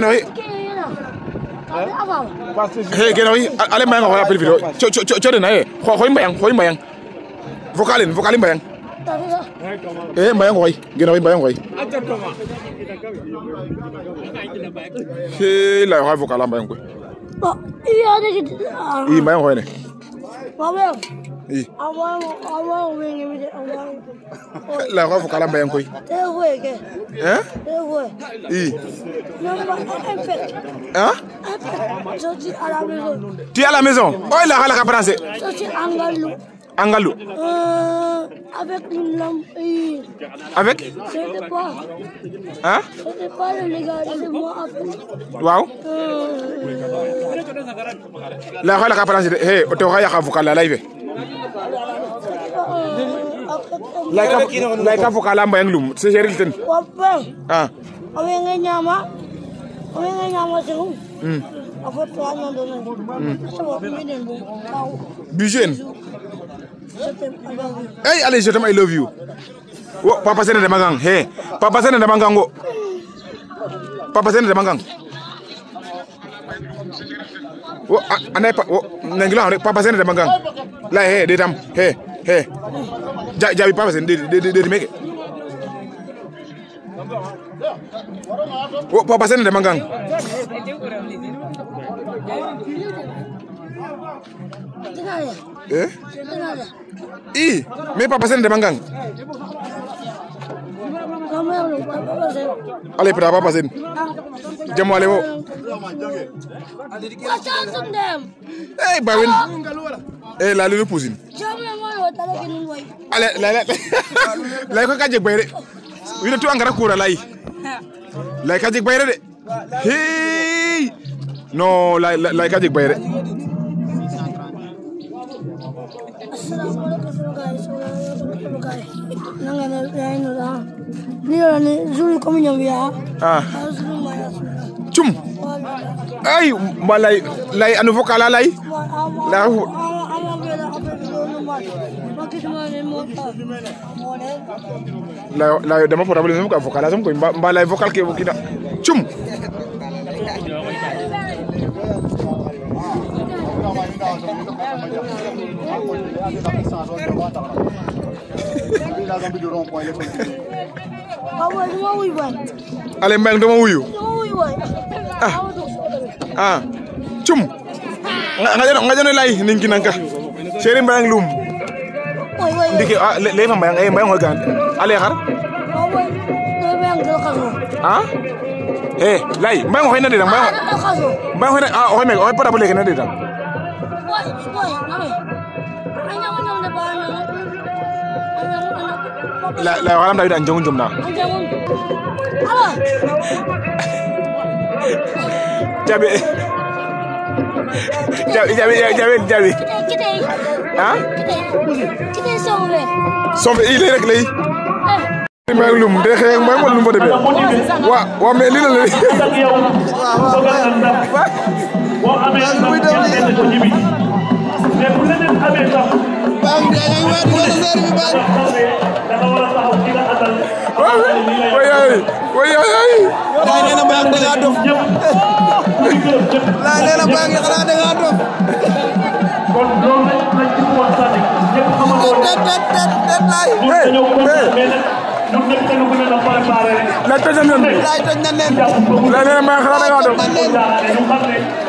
nói he cái nói ale mang hoa pel video cho cho cho cho đến này hoa khói mang khói mang vocalin vocalin mang eh mang hoài cái nói mang hoài he là hoa vocal mang hoài i mang hoài này à la maison. Tu es à la maison? Oh, il a la Je suis euh, avec une Avec? Je ne Je pas le moi euh, La roi eh, la Hey, Hé, tu laika fo ka laya mbayang lum seseril ten a Ah. wenge ñama nyama. wenge ñama nyama a fo Hmm. ñandona a soɓo minen bo kaw bijou en ey allez je t'aime i love you wo papa sene dema gang he papa sene dema gang o papa sene dema gang wo anay pa wo nangilo papa sene dema gang lay he detam he Hey, papa Patterson, did, did, did make it? What Patterson the mangang? Eh? Eh? Me Patterson the mangang? ale pra papa sen jam allez, wo eh bawin eh la lulu pusin Allez, la la la ko kaje bayre wido tu angara kura lay lay kaje bayre de hey no lay lay kaje bayre nó nghe sono gai, solo che sono gai. Non è nel reino gì Lì ne giù come non via. Ah. Chum. Ai, ma lei lei hanno vocala lei? La la la dama por hablar nunca vocala son con va la vocal que boquina. Chum. Thank you. ale mbel nga ma wuyu ah ah cum nga jano lay ninki nanka seri mbayang lum ndiki ah, ley fa mbayang ay eh, mbayang hogan ale xar ah eh lay mbayang hoy na dedang mbayang hoy ah, na ah hoy meg hoy para bu leke na dedang Woi, woi, mami. Anyang anyang na ba anyang? Anyang anyang. La la wala na yun anjung jum na. Anjung. Alo. Jabi. Jabi jabi jabi jabi. Kite. Ha? Kite. Kite sombe. Sombe ile rek lay. May lum de xex may mo lum fa debe. Wa wa me li la lay. ko ñibbi mais bu leneen amee sax. Bang Ndiaye yaa ngi waay di bi baax. da nga war a taxaw ci la àndal. waaw nee na Bang da ngaa dof. laa nee na Bang xanaa da ngaa dof. kon loolu lañ lañ ci wax sax ñëpp xamal ko. déet déet déet déet laay. mais nag. ñoom ñëpp kenn ku ne la préparé. laaj toj na nen laaj toj na nen. laaj nee na Bang xanaa da ngaa dof.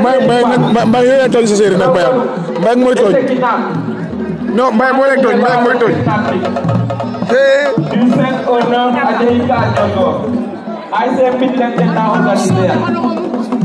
mbay mbay mbay yoy toñ ci séri nak bayam mbay moy toñ non mbay moy rek toñ mbay moy toñ té I say, Peter, get down on that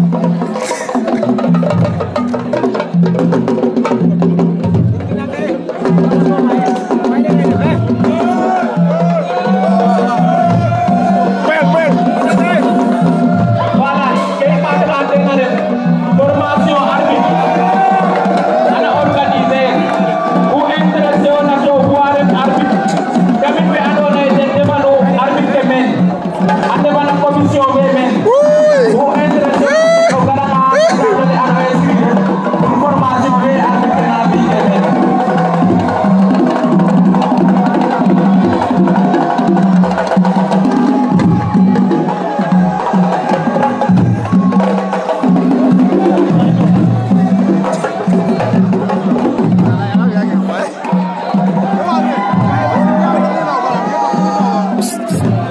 most.